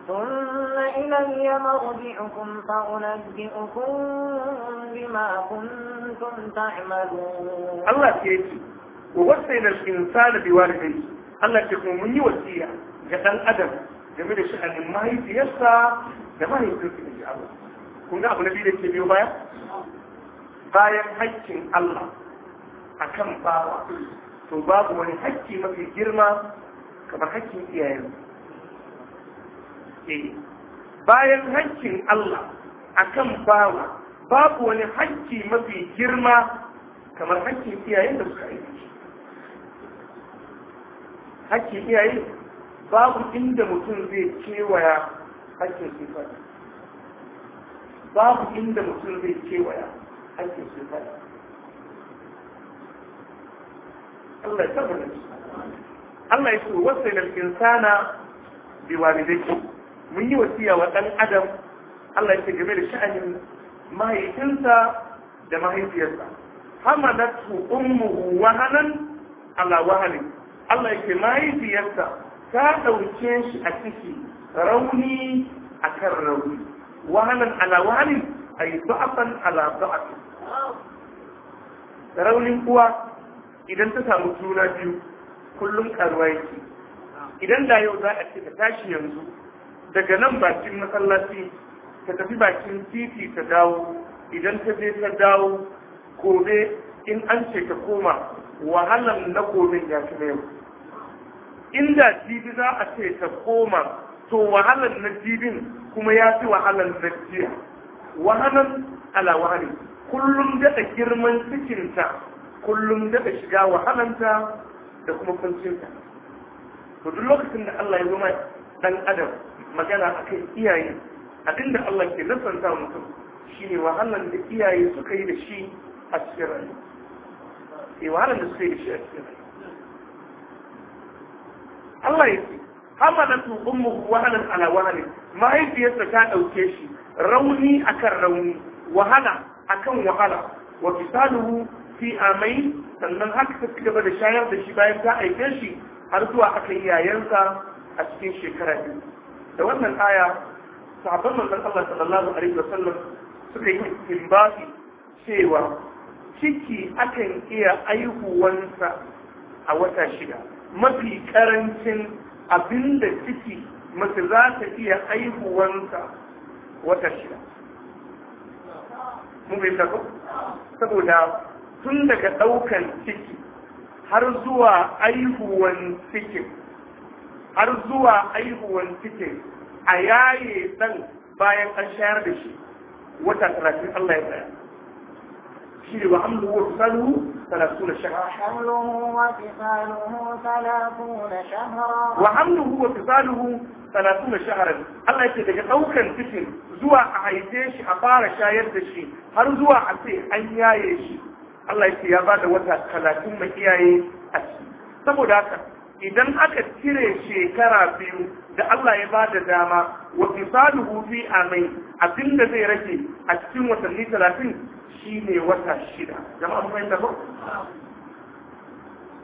ثم إلي مرجعكم فأنبئكم بما كنتم تعملون الله يأتي ووصينا الإنسان بوالديه Allah ce kuma mun yi wasiya ga ɗan adam game da sha'anin mahaifiyarsa da mahaifiyarsa da shi Allah kun ga abu na biyu da ke biyo baya bayan haƙƙin Allah akan bawa to babu wani haƙƙi mafi girma kamar haƙƙin iyayen eh, bayan haƙƙin Allah akan bawa babu wani haƙƙi mafi girma kamar haƙƙin iyayen da suka aiki hakkin iyaye babu inda mutum zai kewaya hakkin sifar babu inda mutum zai kewaya hakkin sifar Allah ya shi. Allah ya so wasu insana bi walidayki mun yi wasiya wa dan adam Allah ya ce game da sha'anin mahaifinsa da mahaifiyarsa hamadatu ummuhu wahanan ala wahalin Allah yake mahaifiyarta ta ɗauke shi a ciki rauni a kan rauni wahalan ala wahalin a yi ba'afan ala ba'afin raunin kuwa idan ta samu juna biyu kullum karuwa yake idan da yau za a ce ta tashi yanzu daga nan bakin masallaci ta tafi bakin titi ta dawo idan ta je ta dawo gobe in an ce ta koma wahalar na goben ya fi na yau inda jibi za a ce ta koma to wahalar na jibin kuma ya fi wahalar na jiya wahalar ala wahali kullum daɗa girman cikinta kullum daɗa shiga wahalanta da kuma kuncinta to duk lokacin da Allah ya zama ɗan adam magana akan iyaye abinda Allah ke nasanta mutum shine wahalar da iyaye suka yi da shi a cikin rayuwa E, wahalar da suka yi da shi a cikin Allah ya ce hama da tukun mu wahalar ala wahalar mahaifiyarsa ta ɗauke shi rauni akan rauni wahala akan wahala wa fisaluhu fi amai sannan haka ta gaba da shayar da shi bayan ta aike shi har zuwa aka yi yayansa a cikin shekara biyu da wannan aya sahabban manzon Allah sallallahu alaihi wasallam suka yi imbafi cewa ciki akan iya aihuwansa a wata shida mafi karancin abinda ciki mace za ta iya aihuwansa wata shida mun bai sako saboda tun daga ɗaukan ciki har zuwa aihuwan cikin har zuwa aihuwan cikin a yaye ɗan bayan an shayar da shi wata talatin Allah ya tsaya شيء وحمله وفصاله ثلاثون شهرا وحمله وفصاله ثلاثون شهرا وحمله وفصاله ثلاثون شهرا الله يكي دقى أوكا تشير زوا عايزيش أفار شاير دشي هل زوا عسيه أن يايش الله يكي يبادى وتا ثلاثون مكياي أشي سبو داكا idan aka cire shekara biyu da Allah ya bada dama wa fisaluhu fi amai abinda zai rage a cikin watanni talatin shi ne wata shida jama'a kuma yin dafa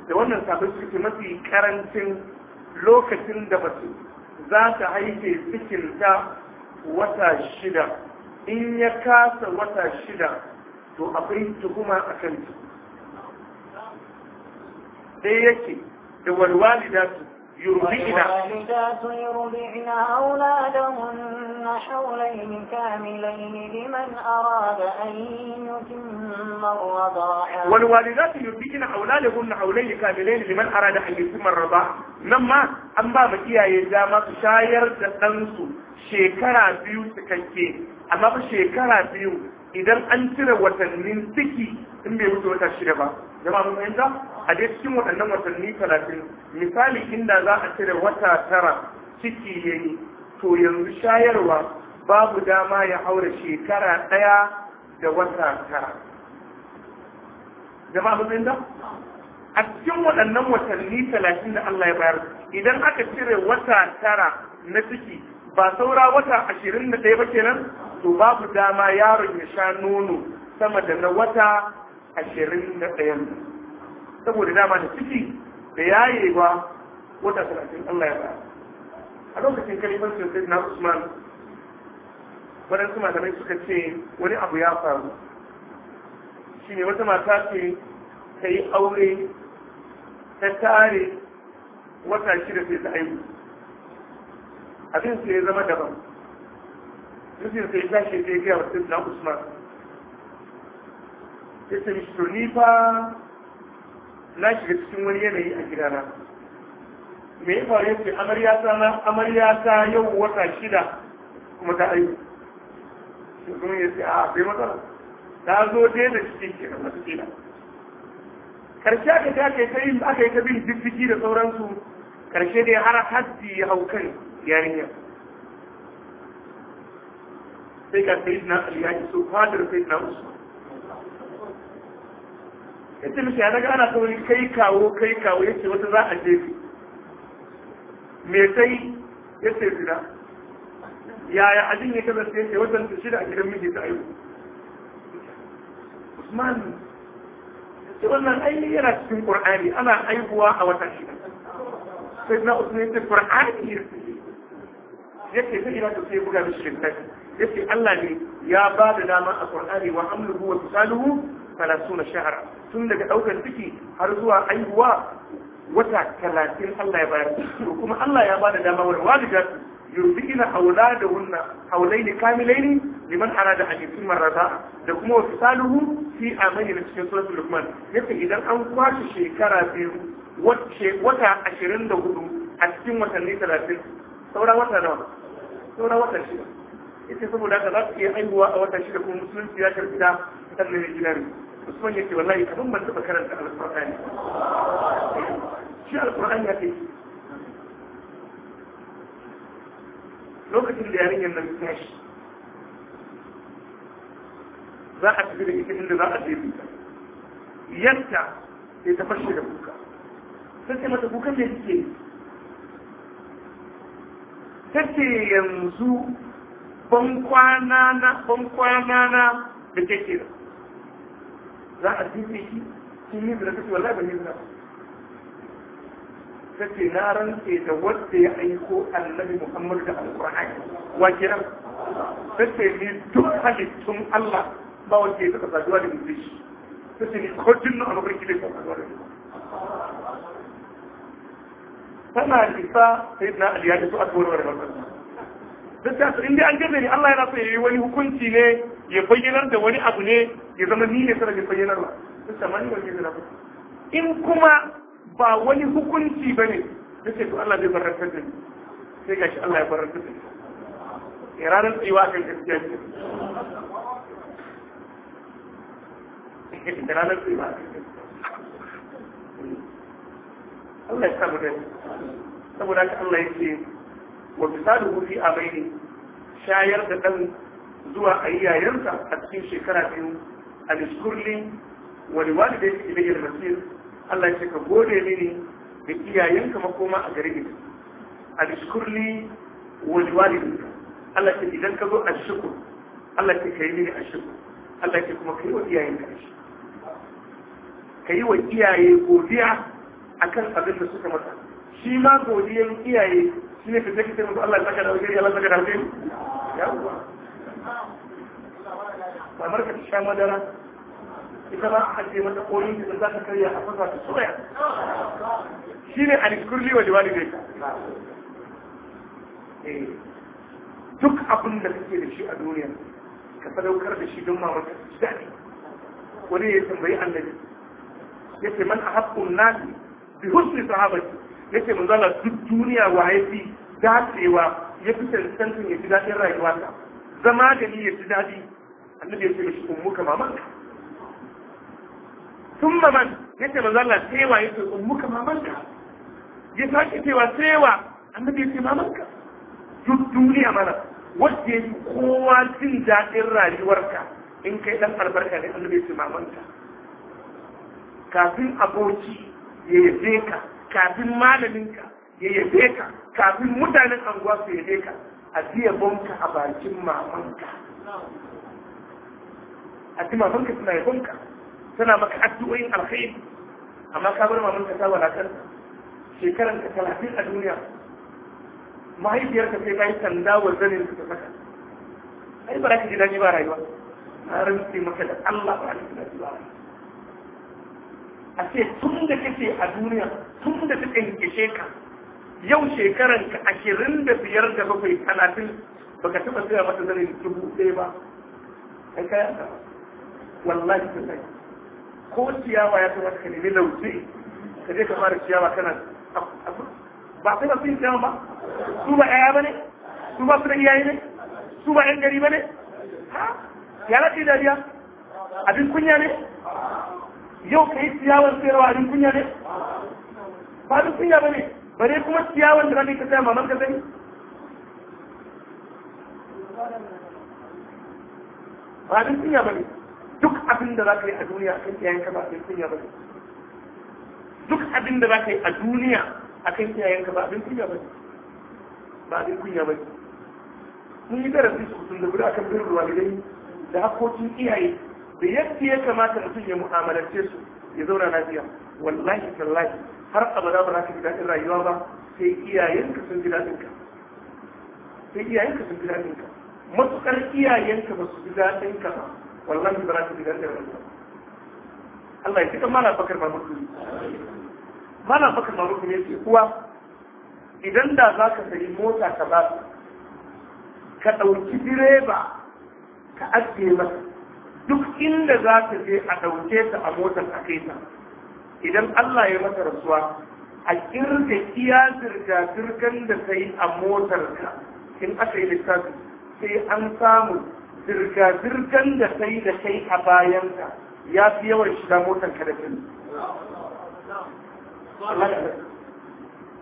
da wannan sabon ciki mafi karancin lokacin da su za ta haife cikinta wata shida in ya kasa wata shida to akwai tuhuma a kan ɗaya yake da walwali da su والوالدات يرضعن أولادهن حولين كاملين لمن أراد أن يتم الرضاعة والوالدات يرضعن أولادهن حولين كاملين لمن أراد أن يتم الرضاعة نما أما مكيا يجامع شاير دانسو شكرا بيو تكنكي أما شكرا بيو idan an cire watannin ciki in bai wuce wata shida ba jama'a mun fahimta a dai cikin waɗannan watanni talatin misali inda za a cire wata tara ciki ya yi to yanzu shayarwa babu dama ya haura shekara ɗaya da wata tara jama'a mun fahimta a cikin waɗannan watanni talatin da Allah ya bayar idan aka cire wata tara na ciki ba saura wata ashirin da ɗaya ba kenan to babu dama yaron ya sha nono sama da na wata ashirin da ɗayan saboda dama da ciki da yaye ba wata talatin Allah ya ba a lokacin kalimar sosai na Usman waɗansu malamai suka ce wani abu ya faru shi ne wata mata ce ta yi aure ta tare wata shida sai ta haihu abin sai ya zama daban nufin sai ta shi gaya wa na Usman ya ce mishi ni fa na shiga cikin wani yanayi a gidana me ya faru yace amarya ta na amarya ta yau wata shida kuma ta aiki shi kuma ya ce a bai matsala ta zo dai da cikin kenan wata shida karshe aka ta kai ta yin aka yi ta bin diddigi da sauransu karshe dai har haddi ya hau kan yarinya sai ga na ali ya so. fadar na usman yace mishi ya daga ana sauri kai kawo kai kawo yace wata za a jefi me sai ya ce yaya ajin ya kaza sai ya ce watan ta shida a gidan miji ta aiko usman ce wannan aini yana cikin qur'ani ana aihuwa a wata shida sai na usman ya qur'ani yace ya sai ina ta sai buga mishi littafi ya ce Allah ne ya ba da dama a qur'ani wa amluhu wa tusaluhu salasuna shahara tun daga ɗaukar ciki har zuwa aihuwa wata talatin Allah ya bayar to kuma Allah ya bada dama wa walida yurdina auladahunna haulain kamilain liman arada an yutimma rada da kuma wa fisaluhu fi amali na cikin suratul luqman yace idan an kwashi shekara biyu wata 24 a cikin watanni 30 saura wata nawa saura wata shida ita saboda haka za su iya aihuwa a wata shida kuma musulunci ya karbi Allah ya Usman yake wallahi abin ban taɓa shi ya lokacin da yarinyar nan za a tafi da ita inda za a ta fashe da kuka sai sai mata kukan da suke yanzu bankwana na kwana na da take da za a dufe shi kin yi zina kace wallahi ban yi zina kace na rantse da wanda ya aiko annabi Muhammad da alqur'ani wa kiran kace ni duk halittun Allah ba wanda ya taba saduwa da mutum shi kace ni kodin na alƙur'ani kike saduwa da tana isa sai na ali da su a tsoron wannan duk da in dai an gane ni Allah yana so ya yi wani hukunci ne ya bayyanar da wani abu ne ya zama ni ne sanar da ba sun samani wa ke zira in kuma ba wani hukunci ba ne ya ce to Allah zai barantar da ni sai gashi Allah ya barantar da ni ya ranar tsayuwa kan gaskiya ne da ranar tsayuwa Allah ya samu dai saboda ka Allah ya ce wa hudu a bai ne shayar da ɗan zuwa a yi yayansa a cikin shekara biyu a liskurli wani wani da yake ilayyar masir Allah ya ce ka gode mini da iyayenka makoma a gare ni a liskurli wani walida Allah ce idan ka zo a shiku Allah ce ka yi mini a shiku Allah ce kuma ka yi wa iyayenka a shiku ka yi wa iyaye godiya akan abin da suka mata shi ma godiyar iyaye shi ne fita kitan Allah ya saka da wajen ya saka da wajen yawwa kamar ka sha madara ita ba a ce mata koyon da za ta karya a fasa ta soya shi ne an kurli wa liwali dai eh, duk abin da kake da shi a duniya ka sadaukar da shi don mamar ka ji wani ya tambayi annabi ya ce man a haƙƙun nasi bi husni sahabati ya ce mun zala duk duniya waye fi dacewa ya fi cancantin ya ji daɗin rayuwa ta zama da ni ya ji daɗi annabi ya ce mishi ummuka mamanka sun maman ya ce manzo Allah sai wa ya ce ka mamanka ya sake cewa sai wa annabi ya ce mamanka duk duniya mana wanda ya kowa jin daɗin rayuwarka in kai ɗan albarka ne annabi ya ce mamanka kafin aboki ya yabe ka kafin malaminka ya yabe ka kafin mutanen anguwa su yabe ka a jiya bonka a bakin mamanka addu'a ji mamanka suna yabonka tana maka addu'o'in alkhairi amma ka bar ka ta walakanta shekaran ka talatin a duniya ka sai ta yi sanda wa zanin ka saka ai ba za ka ji daɗi ba rayuwa na rantse maka da Allah ba ni da ba a ce tun da kake a duniya tun da ta ke ka yau shekaran ka ashirin da biyar da bakwai talatin baka taɓa tsaya mata zanin dubu ɗaya ba kai kayan ba wallahi ta sai ko ciyawa ya kamata ka nemi lauje ka je ka fara ciyawa kana ba sai ba su yi ciyawa ba su ba ƴaƴa ba ne su ba su da iyaye ne su ba ƴan gari ba ne ha ya da dariya abin kunya ne yau ka yi ciyawar sayarwa abin kunya ne ba abin kunya ba ne bare kuma ciyawar da ne ka saya maman ka sani ba abin kunya ba ne duk abin da za ka yi a duniya akan iyayenka ba abin kunya ba duk abin da za ka yi a duniya akan iyayenka ba abin kunya ba ba abin kunya ba mun yi darasi su sun da guda kan bin ruwa da hakokin iyaye da yadda ya kamata mutum ya mu'amalance su ya zauna lafiya wallahi tallahi har abada ba za ka ji daɗin rayuwa ba sai iyayenka sun ji daɗinka sai iyayenka sun ji daɗinka matuƙar iyayenka ba su ji daɗinka ba wallahi ba za ta shiga sai Allah ya cika mana bakar mamutu mana bakar mamutu ne ce kuwa idan da za ka sayi mota ka ba ka ɗauki direba ka ajiye masa duk inda za ka je a ɗauke ta a motar a kai ta idan Allah ya mata rasuwa a kirga iya zirga-zirgan da ta yi a motar ka in aka yi littafi, sai an samu zirga-zirgan da sai da kai a ka ya fi yawan shiga motar ka da fili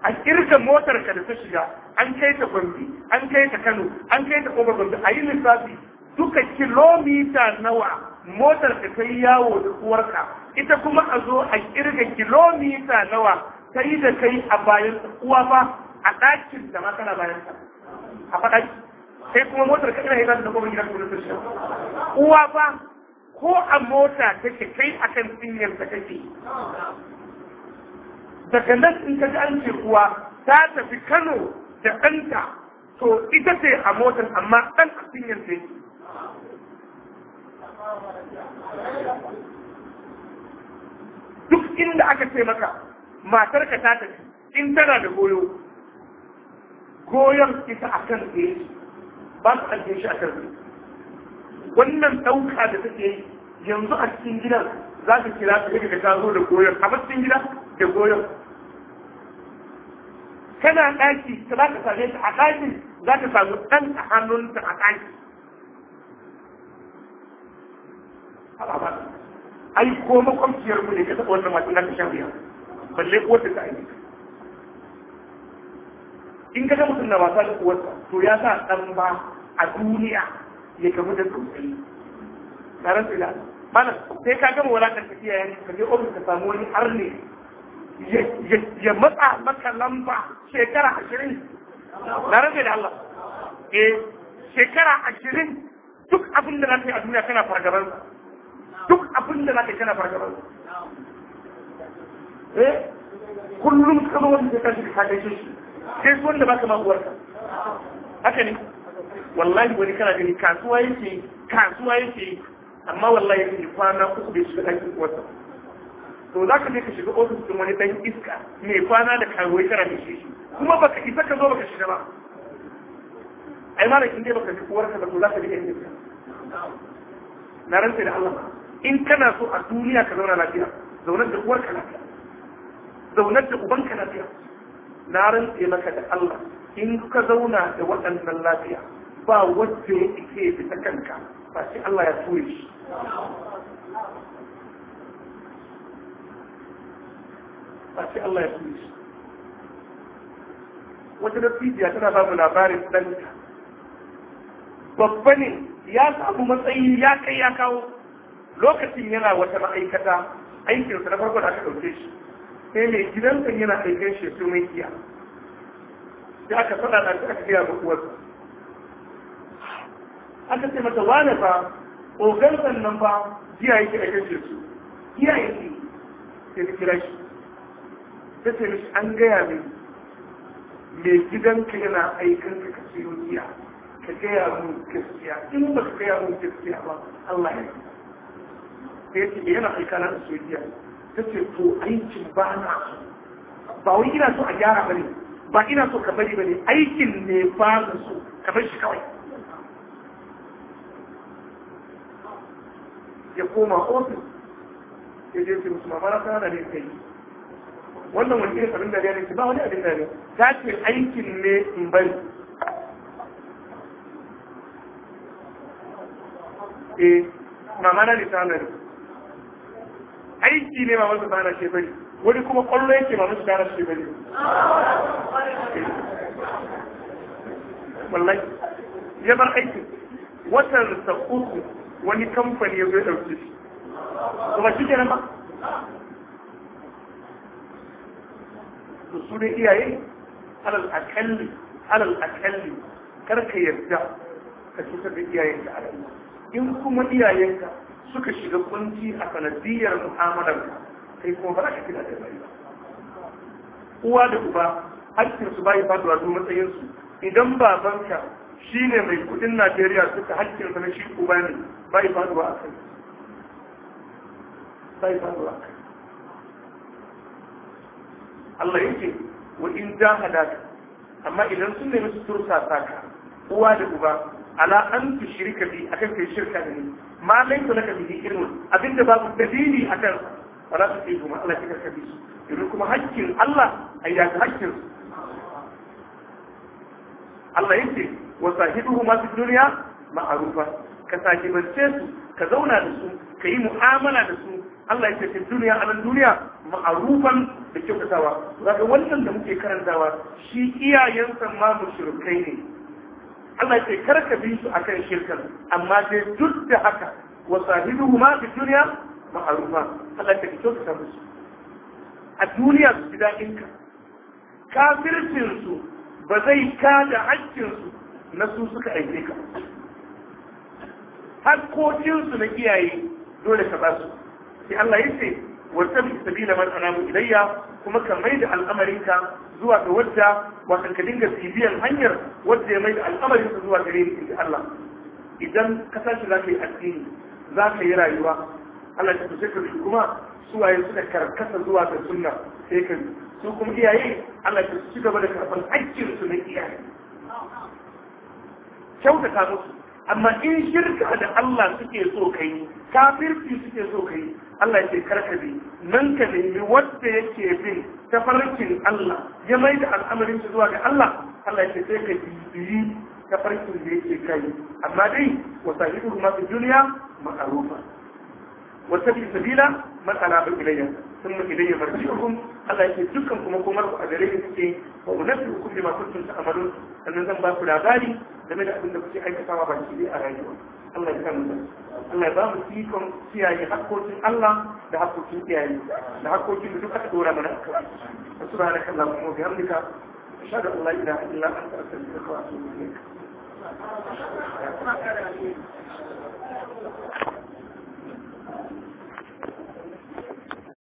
a ƙirga motar ka da ta shiga an kai ta gombe an kai ta kano an kai ta Kobar gombe a yi lissafi duka kilomita nawa motar ka ta yi yawo da uwarka ita kuma a zo a ƙirga kilomita nawa ta yi da kai a bayan uwa ba a ɗakin da ma kana bayan ka a faɗaki kai kuma motar ka kana yana da kuma gidan kuma sai uwa ba ko a mota take kai akan tsinyar ta kake daga nan in ka ji an ce uwa ta tafi Kano da ɗanta to ita ce a motar amma ɗan a tsinyar ta yake duk inda aka ce maka matarka ta tafi in tana da goyo goyon ita akan kan tsinyar ba su ake shi a karbi wannan ɗauka da take yanzu a cikin gidan za ka kira ka daga ta zo da goyon a cikin gida da goyon kana ɗaki za ka same ta a ɗakin za ka samu ɗan a hannunta a ɗaki ai ko makwabciyar mu ne ka taɓa wannan matan na ta shan biya balle ko ta ta aiki in ka samu mutum na wasa da uwarsa to ya sa dan ba a duniya ya kamu da tausayi tsaron tsila mana sai ka gama wadatar tafiya yanzu ka je ofis ka samu wani arne ya matsa maka lamba shekara ashirin na rage da Allah eh shekara ashirin duk abin da za a duniya kana fargaban duk abin da za ka kana fargaban eh kullum ka wani da ka shi shi sai wanda baka ma uwarka haka ne wallahi wani kana gani kasuwa yake kasuwa yake amma wallahi yake kwana uku bai shiga ɗakin uwarsa to za ka je ka shiga ofis ɗin wani ɗan iska mai kwana da karuwai kana da shi kuma baka isa ka zo baka shiga ba ai ma da kin dai baka ji uwarka da to za ka je ɗan iska na rantsa da Allah in kana so a duniya ka zauna lafiya zaunar da uwarka lafiya zaunar da ubanka lafiya na rantse maka da Allah in ka zauna da waɗannan lafiya ba wacce ya ike fita kanka ba shi Allah ya ture shi ba shi Allah ya ture shi wata dattijiya tana ba mu labarin ɗanta babba ne ya samu matsayi ya kai ya kawo lokacin yana wata ma'aikata aikinsa na farko da aka ɗauke shi sai mai gidan kan yana aikin shi su mai kiya sai aka faɗa ɗan aka gaya ga uwarsa aka ce mata wane fa ogan sannan fa jiya yake aikin shi su jiya yake sai ta kira shi ta ce mishi an gaya min mai gidanka yana aikin ka ka siyo jiya ka gaya mun gaskiya in ba ka gaya mun gaskiya ba Allah ya yi sai ce yana aikana a sojiya ta ce to aikin ba na so ba wai ina so a gyara bane ba ina so ka bari bane aikin ne ba na so ka bar shi kawai ya koma ofis ya je su musu mamara sana da ne kai wannan wani irin abin da ne ba wani abin da ne ta ce aikin ne in bari eh mamara da aiki ne mamansa ta hana shi bari wani kuma kwallo yake mamansa ta hana shi bari wallahi ya bar aikin watan sa uku wani kamfani ya zo ya ɗauke shi kuma shi kenan ba su ne iyaye alal akalli alal akalli kar ka yarda ka cutar da iyayenka a in kuma iyayenka suka shiga kunci a sanadiyar mu'amalar kai kuma ba za ka kira da bai ba uwa da uba hakkin su bai faduwa duk matsayin su idan babanka shine mai kudin Najeriya suka hakkin sa na shi uba ne bai faduwa a kai bai faduwa Allah yake wa in jahada amma idan sun nemi su tursa saka uwa da uba ala an tushrika bi akan kai shirka da ni ma laysa laka bihi ilmun abinda babu dalili akan wala ce kuma Allah kika kabi Idan kuma haƙƙin Allah ai da haƙƙin. Allah yake wa sahibuhu ma fi dunya ma'rufa ka sahibance su ka zauna da su ka yi mu'amala da su Allah yake fi duniya a nan duniya ma'arufan da kyautatawa zaka wannan da muke karantawa shi iyayensa ma mushrikai ne Allah ce kar ka bi su akan shirkan amma dai duk da haka wa sahibuhuma fi dunya ma'rufa Allah ta kito ka su. a duniya su gida ka. kafircin su ba zai kada haƙƙin su na su suka aike ka hakkokin su na iyaye dole ka ba su sai Allah yace wa tabi sabila man anamu ilayya kuma ka maida ka. zuwa ga wadda wasan ka dinga bibiyan hanyar wadda ya mai da al'amarin zuwa gare ni inda Allah idan ka tashi za ka yi addini za ka yi rayuwa Allah ta tafi ka kuma suwaye suka karkasa zuwa ga sunna sai ka su kuma iyaye Allah ta ci gaba da karɓar aikin su na iyaye kyautata musu amma in shirka da Allah suke so kai kafirci suke so kai Allah yake karka bi nan ka nemi wanda yake bin tafarkin Allah ya mai da al'amarin shi zuwa ga Allah Allah yake sai ka bi tafarkin da yake kai amma dai wasahibu ma fi duniya ma'arufa wata sabila masana bi ilayya thumma ilayya marji'ukum Allah yake dukkan kuma komar ku a gare ni suke wa unabbi'ukum bima kuntum ta'malun sannan zan ba ku labari game da abin da kuke aikatawa ba shi a rayuwa Allah ya kanu Allah ya ba mu ikon kiyaye hakkokin Allah da hakkokin iyaye da hakkokin da duk aka dora mana subhanaka allahumma wa bihamdika ashhadu an la ilaha illa anta astaghfiruka wa atubu ilaik Thank you.